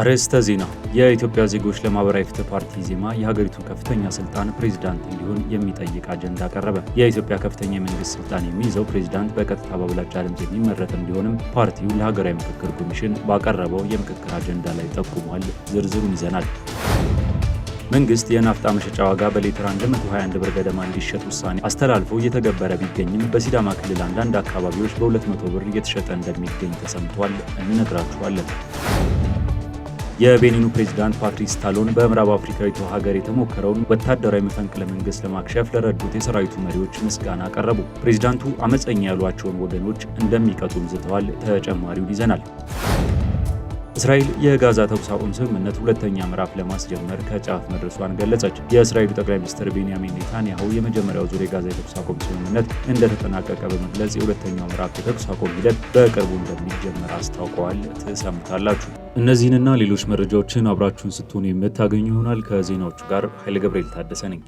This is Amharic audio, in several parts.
አርዕስተ ዜና። የኢትዮጵያ ዜጎች ለማህበራዊ ፍትህ ፓርቲ ኢዜማ የሀገሪቱን ከፍተኛ ስልጣን ፕሬዚዳንት እንዲሆን የሚጠይቅ አጀንዳ ቀረበ። የኢትዮጵያ ከፍተኛ የመንግስት ስልጣን የሚይዘው ፕሬዚዳንት በቀጥታ በአብላጫ ድምፅ የሚመረጥ እንዲሆንም ፓርቲው ለሀገራዊ ምክክር ኮሚሽን ባቀረበው የምክክር አጀንዳ ላይ ጠቁሟል። ዝርዝሩን ይዘናል። መንግስት የናፍጣ መሸጫ ዋጋ በሊትር 121 ብር ገደማ እንዲሸጥ ውሳኔ አስተላልፎ እየተገበረ ቢገኝም በሲዳማ ክልል አንዳንድ አካባቢዎች በ200 ብር እየተሸጠ እንደሚገኝ ተሰምቷል። እንነግራችኋለን። የቤኒኑ ፕሬዚዳንት ፓትሪስ ታሎን በምዕራብ አፍሪካዊቱ ሀገር የተሞከረውን ወታደራዊ መፈንቅለ መንግስት ለማክሸፍ ለረዱት የሰራዊቱ መሪዎች ምስጋና አቀረቡ። ፕሬዚዳንቱ አመፀኛ ያሏቸውን ወገኖች እንደሚቀጡም ዝተዋል። ተጨማሪውን ይዘናል። እስራኤል የጋዛ ተኩስ አቁም ስምምነት ሁለተኛ ምዕራፍ ለማስጀመር ከጫፍ መድረሷን ገለጸች። የእስራኤሉ ጠቅላይ ሚኒስትር ቤንያሚን ኔታንያሁ የመጀመሪያው ዙር የጋዛ የተኩስ አቁም ስምምነት እንደተጠናቀቀ በመግለጽ የሁለተኛው ምዕራፍ የተኩስ አቁም ሂደት በቅርቡ እንደሚጀመር አስታውቀዋል። ትሰምታላችሁ። እነዚህንና ሌሎች መረጃዎችን አብራችሁን ስትሆኑ የምታገኙ ይሆናል። ከዜናዎቹ ጋር ኃይለ ገብርኤል ታደሰ ነኝ።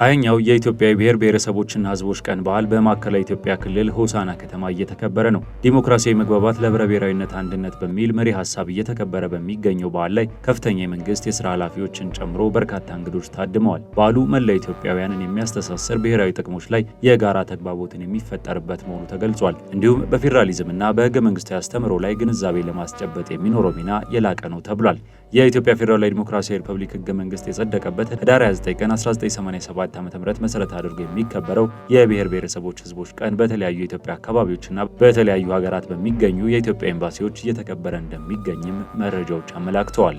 ሀያኛው የኢትዮጵያ ብሔር ብሔረሰቦችና ህዝቦች ቀን በዓል በማዕከላዊ ኢትዮጵያ ክልል ሆሳና ከተማ እየተከበረ ነው። ዲሞክራሲያዊ መግባባት ለሕብረ ብሔራዊነት አንድነት በሚል መሪ ሀሳብ እየተከበረ በሚገኘው በዓል ላይ ከፍተኛ የመንግስት የስራ ኃላፊዎችን ጨምሮ በርካታ እንግዶች ታድመዋል። በዓሉ መላ ኢትዮጵያውያንን የሚያስተሳስር ብሔራዊ ጥቅሞች ላይ የጋራ ተግባቦትን የሚፈጠርበት መሆኑ ተገልጿል። እንዲሁም በፌዴራሊዝምና በሕገ መንግስታዊ አስተምህሮ ላይ ግንዛቤ ለማስጨበጥ የሚኖረው ሚና የላቀ ነው ተብሏል። የኢትዮጵያ ፌዴራላዊ ዲሞክራሲያዊ ሪፐብሊክ ህገ መንግስት የጸደቀበት ህዳር 29 ቀን 1987 ዓ ም መሰረት አድርጎ የሚከበረው የብሔር ብሔረሰቦች ህዝቦች ቀን በተለያዩ የኢትዮጵያ አካባቢዎችና በተለያዩ ሀገራት በሚገኙ የኢትዮጵያ ኤምባሲዎች እየተከበረ እንደሚገኝም መረጃዎች አመላክተዋል።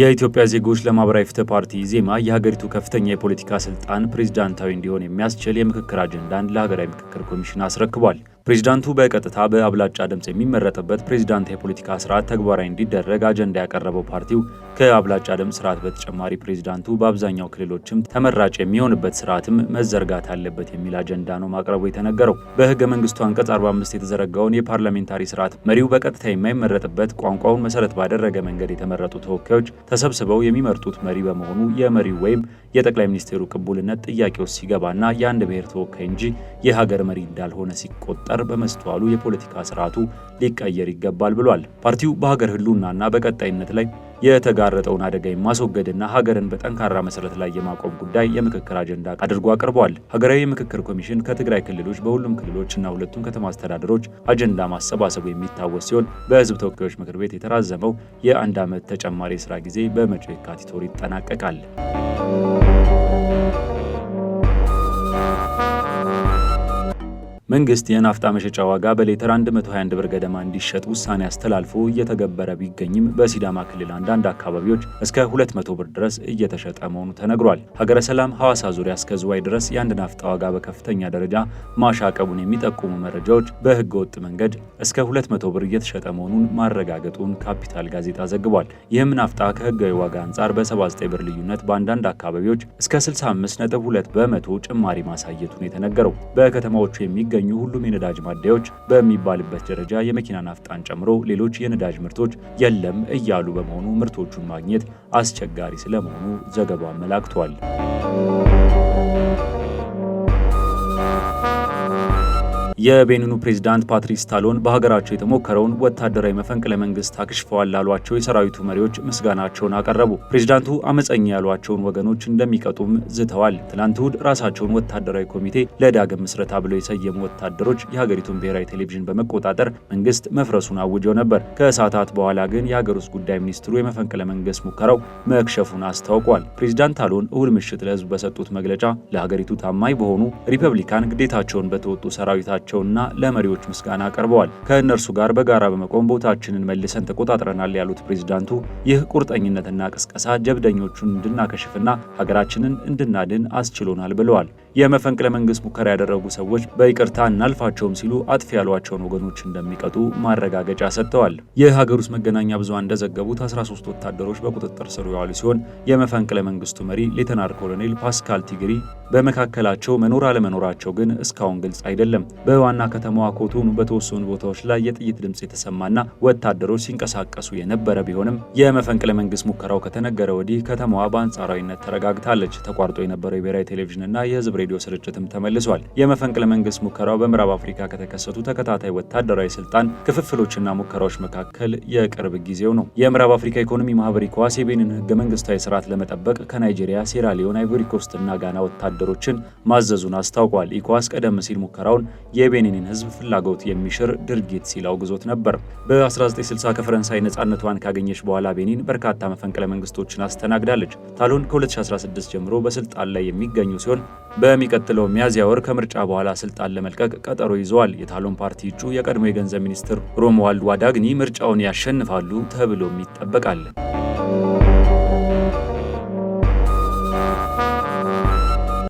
የኢትዮጵያ ዜጎች ለማህበራዊ ፍትህ ፓርቲ ኢዜማ የሀገሪቱ ከፍተኛ የፖለቲካ ስልጣን ፕሬዝዳንታዊ እንዲሆን የሚያስችል የምክክር አጀንዳን ለሀገራዊ ምክክር ኮሚሽን አስረክቧል። ፕሬዚዳንቱ በቀጥታ በአብላጫ ድምፅ የሚመረጥበት ፕሬዚዳንት የፖለቲካ ስርዓት ተግባራዊ እንዲደረግ አጀንዳ ያቀረበው ፓርቲው ከአብላጫ ድምፅ ስርዓት በተጨማሪ ፕሬዚዳንቱ በአብዛኛው ክልሎችም ተመራጭ የሚሆንበት ስርዓትም መዘርጋት አለበት የሚል አጀንዳ ነው ማቅረቡ የተነገረው። በህገ መንግስቱ አንቀጽ 45 የተዘረጋውን የፓርላሜንታሪ ስርዓት መሪው በቀጥታ የማይመረጥበት ቋንቋውን መሰረት ባደረገ መንገድ የተመረጡ ተወካዮች ተሰብስበው የሚመርጡት መሪ በመሆኑ የመሪው ወይም የጠቅላይ ሚኒስትሩ ቅቡልነት ጥያቄ ውስጥ ሲገባና የአንድ ብሔር ተወካይ እንጂ የሀገር መሪ እንዳልሆነ ሲቆጠ በመፍጠር በመስተዋሉ የፖለቲካ ስርዓቱ ሊቀየር ይገባል ብሏል። ፓርቲው በሀገር ህልውናና በቀጣይነት ላይ የተጋረጠውን አደጋ የማስወገድና ሀገርን በጠንካራ መሰረት ላይ የማቆም ጉዳይ የምክክር አጀንዳ አድርጎ አቅርቧል። ሀገራዊ የምክክር ኮሚሽን ከትግራይ ክልሎች በሁሉም ክልሎች እና ሁለቱም ከተማ አስተዳደሮች አጀንዳ ማሰባሰቡ የሚታወስ ሲሆን በህዝብ ተወካዮች ምክር ቤት የተራዘመው የአንድ ዓመት ተጨማሪ የስራ ጊዜ በመጪው የካቲት ወር ይጠናቀቃል። መንግስት የናፍጣ መሸጫ ዋጋ በሌተር 121 ብር ገደማ እንዲሸጥ ውሳኔ አስተላልፎ እየተገበረ ቢገኝም በሲዳማ ክልል አንዳንድ አካባቢዎች እስከ 200 ብር ድረስ እየተሸጠ መሆኑ ተነግሯል። ሀገረ ሰላም ሐዋሳ ዙሪያ እስከ ዝዋይ ድረስ የአንድ ናፍጣ ዋጋ በከፍተኛ ደረጃ ማሻቀቡን የሚጠቁሙ መረጃዎች በህገ ወጥ መንገድ እስከ 200 ብር እየተሸጠ መሆኑን ማረጋገጡን ካፒታል ጋዜጣ ዘግቧል። ይህም ናፍጣ ከህጋዊ ዋጋ አንጻር በ79 ብር ልዩነት በአንዳንድ አካባቢዎች እስከ 65.2 በመቶ ጭማሪ ማሳየቱን የተነገረው በከተማዎቹ የሚገኙ የሚገኙ ሁሉም የነዳጅ ማደያዎች በሚባልበት ደረጃ የመኪና ናፍጣን ጨምሮ ሌሎች የነዳጅ ምርቶች የለም እያሉ በመሆኑ ምርቶቹን ማግኘት አስቸጋሪ ስለመሆኑ ዘገባው አመላክቷል። የቤኒኑ ፕሬዝዳንት ፓትሪስ ታሎን በሀገራቸው የተሞከረውን ወታደራዊ መፈንቅለ መንግስት አክሽፈዋል ላሏቸው የሰራዊቱ መሪዎች ምስጋናቸውን አቀረቡ። ፕሬዝዳንቱ አመፀኛ ያሏቸውን ወገኖች እንደሚቀጡም ዝተዋል። ትናንት እሁድ ራሳቸውን ወታደራዊ ኮሚቴ ለዳግም ምስረታ ብለው የሰየሙ ወታደሮች የሀገሪቱን ብሔራዊ ቴሌቪዥን በመቆጣጠር መንግስት መፍረሱን አውጀው ነበር። ከሰዓታት በኋላ ግን የሀገር ውስጥ ጉዳይ ሚኒስትሩ የመፈንቅለ መንግስት ሙከራው መክሸፉን አስታውቋል። ፕሬዝዳንት ታሎን እሁድ ምሽት ለህዝብ በሰጡት መግለጫ ለሀገሪቱ ታማኝ በሆኑ ሪፐብሊካን ግዴታቸውን በተወጡ ሰራዊታቸው ለራሳቸውና ለመሪዎች ምስጋና አቅርበዋል። ከእነርሱ ጋር በጋራ በመቆም ቦታችንን መልሰን ተቆጣጥረናል ያሉት ፕሬዚዳንቱ ይህ ቁርጠኝነትና ቅስቀሳ ጀብደኞቹን እንድናከሽፍና ሀገራችንን እንድናድን አስችሎናል ብለዋል። የመፈንቅለ መንግስት ሙከራ ያደረጉ ሰዎች በይቅርታ እናልፋቸውም ሲሉ አጥፊ ያሏቸውን ወገኖች እንደሚቀጡ ማረጋገጫ ሰጥተዋል። ይህ ሀገር ውስጥ መገናኛ ብዙሃን እንደዘገቡት 13 ወታደሮች በቁጥጥር ስር የዋሉ ሲሆን የመፈንቅለ መንግስቱ መሪ ሌተናር ኮሎኔል ፓስካል ቲግሪ በመካከላቸው መኖር አለመኖራቸው ግን እስካሁን ግልጽ አይደለም። በዋና ከተማዋ ኮቶኑ በተወሰኑ ቦታዎች ላይ የጥይት ድምፅ የተሰማና ወታደሮች ሲንቀሳቀሱ የነበረ ቢሆንም የመፈንቅለ መንግስት ሙከራው ከተነገረ ወዲህ ከተማዋ በአንጻራዊነት ተረጋግታለች። ተቋርጦ የነበረው የብሔራዊ ቴሌቪዥንና የህዝብ ሬዲዮ ስርጭትም ተመልሷል። የመፈንቅለ መንግስት ሙከራው በምዕራብ አፍሪካ ከተከሰቱ ተከታታይ ወታደራዊ ስልጣን ክፍፍሎችና ሙከራዎች መካከል የቅርብ ጊዜው ነው። የምዕራብ አፍሪካ ኢኮኖሚ ማህበር ኢኮዋስ የቤኒን ህገ መንግስታዊ ስርዓት ለመጠበቅ ከናይጄሪያ፣ ሴራሊዮን፣ አይቮሪኮስትና ጋና ወታደሮችን ማዘዙን አስታውቋል። ኢኮዋስ ቀደም ሲል ሙከራውን የቤኒንን ህዝብ ፍላጎት የሚሽር ድርጊት ሲል አውግዞት ነበር። በ1960 ከፈረንሳይ ነጻነቷን ካገኘች በኋላ ቤኒን በርካታ መፈንቅለ መንግስቶችን አስተናግዳለች። ታሎን ከ2016 ጀምሮ በስልጣን ላይ የሚገኙ ሲሆን በ በሚቀጥለው ሚያዝያ ወር ከምርጫ በኋላ ስልጣን ለመልቀቅ ቀጠሮ ይዘዋል። የታሎን ፓርቲ እጩ የቀድሞ የገንዘብ ሚኒስትር ሮምዋልድ ዋዳግኒ ምርጫውን ያሸንፋሉ ተብሎም ይጠበቃል።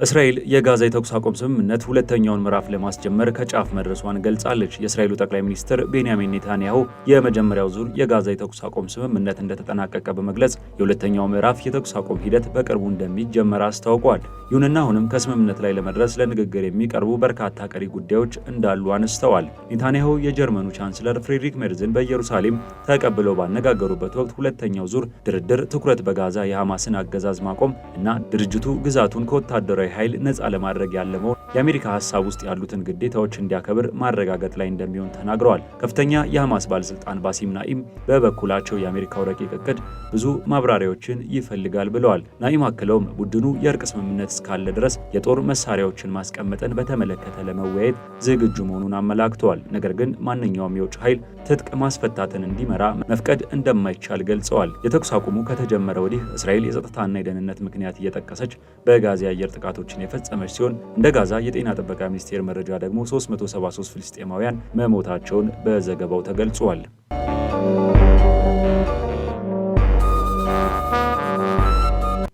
እስራኤል የጋዛ የተኩስ አቁም ስምምነት ሁለተኛውን ምዕራፍ ለማስጀመር ከጫፍ መድረሷን ገልጻለች። የእስራኤሉ ጠቅላይ ሚኒስትር ቤንያሚን ኔታንያሁ የመጀመሪያው ዙር የጋዛ የተኩስ አቁም ስምምነት እንደተጠናቀቀ በመግለጽ የሁለተኛው ምዕራፍ የተኩስ አቁም ሂደት በቅርቡ እንደሚጀመር አስታውቋል። ይሁንና አሁንም ከስምምነት ላይ ለመድረስ ለንግግር የሚቀርቡ በርካታ ቀሪ ጉዳዮች እንዳሉ አነስተዋል። ኔታንያሁ የጀርመኑ ቻንስለር ፍሬድሪክ ሜርዝን በኢየሩሳሌም ተቀብለው ባነጋገሩበት ወቅት ሁለተኛው ዙር ድርድር ትኩረት በጋዛ የሐማስን አገዛዝ ማቆም እና ድርጅቱ ግዛቱን ከወታደራዊ ኃይል ነጻ ለማድረግ ያለመው የአሜሪካ ሀሳብ ውስጥ ያሉትን ግዴታዎች እንዲያከብር ማረጋገጥ ላይ እንደሚሆን ተናግረዋል። ከፍተኛ የሐማስ ባለስልጣን ባሲም ናኢም በበኩላቸው የአሜሪካው ረቂቅ እቅድ ብዙ ማብራሪያዎችን ይፈልጋል ብለዋል። ናኢም አክለውም ቡድኑ የእርቅ ስምምነት እስካለ ድረስ የጦር መሳሪያዎችን ማስቀመጥን በተመለከተ ለመወያየት ዝግጁ መሆኑን አመላክተዋል። ነገር ግን ማንኛውም የውጭ ኃይል ትጥቅ ማስፈታትን እንዲመራ መፍቀድ እንደማይቻል ገልጸዋል። የተኩስ አቁሙ ከተጀመረ ወዲህ እስራኤል የጸጥታና የደህንነት ምክንያት እየጠቀሰች በጋዛ የአየር ጥቃቶች ጥቃቶችን የፈጸመች ሲሆን እንደ ጋዛ የጤና ጥበቃ ሚኒስቴር መረጃ ደግሞ 373 ፍልስጤማውያን መሞታቸውን በዘገባው ተገልጿል።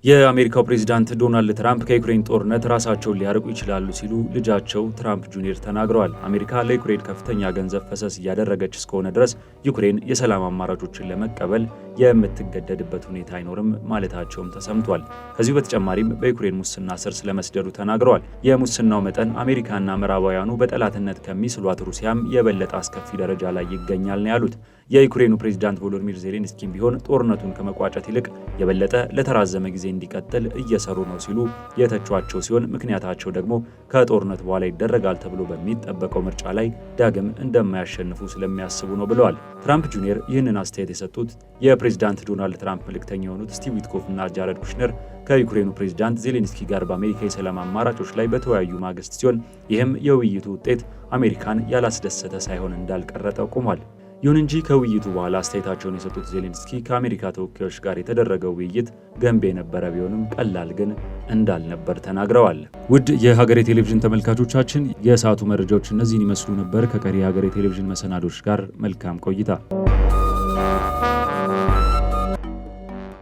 የአሜሪካው ፕሬዚዳንት ዶናልድ ትራምፕ ከዩክሬን ጦርነት ራሳቸውን ሊያርቁ ይችላሉ ሲሉ ልጃቸው ትራምፕ ጁኒየር ተናግረዋል። አሜሪካ ለዩክሬን ከፍተኛ ገንዘብ ፈሰስ እያደረገች እስከሆነ ድረስ ዩክሬን የሰላም አማራጮችን ለመቀበል የምትገደድበት ሁኔታ አይኖርም ማለታቸውም ተሰምቷል። ከዚሁ በተጨማሪም በዩክሬን ሙስና ስር ስለመስደዱ ተናግረዋል። የሙስናው መጠን አሜሪካና ምዕራባውያኑ በጠላትነት ከሚስሏት ሩሲያም የበለጠ አስከፊ ደረጃ ላይ ይገኛል ነው ያሉት። የዩክሬኑ ፕሬዚዳንት ቮሎዲሚር ዜሌንስኪም ቢሆን ጦርነቱን ከመቋጨት ይልቅ የበለጠ ለተራዘመ ጊዜ እንዲቀጥል እየሰሩ ነው ሲሉ የተቿቸው ሲሆን ምክንያታቸው ደግሞ ከጦርነት በኋላ ይደረጋል ተብሎ በሚጠበቀው ምርጫ ላይ ዳግም እንደማያሸንፉ ስለሚያስቡ ነው ብለዋል። ትራምፕ ጁኒየር ይህንን አስተያየት የሰጡት የፕሬዚዳንት ዶናልድ ትራምፕ መልእክተኛ የሆኑት ስቲቭ ዊትኮፍ እና ጃረድ ኩሽነር ከዩክሬኑ ፕሬዚዳንት ዜሌንስኪ ጋር በአሜሪካ የሰላም አማራጮች ላይ በተወያዩ ማግስት ሲሆን ይህም የውይይቱ ውጤት አሜሪካን ያላስደሰተ ሳይሆን እንዳልቀረ ጠቁሟል። ይሁን እንጂ ከውይይቱ በኋላ አስተያየታቸውን የሰጡት ዜሌንስኪ ከአሜሪካ ተወካዮች ጋር የተደረገው ውይይት ገንቢ የነበረ ቢሆንም ቀላል ግን እንዳልነበር ተናግረዋል። ውድ የሀገሬ ቴሌቪዥን ተመልካቾቻችን የሰዓቱ መረጃዎች እነዚህን ይመስሉ ነበር። ከቀሪ የሀገሬ ቴሌቪዥን መሰናዶች ጋር መልካም ቆይታ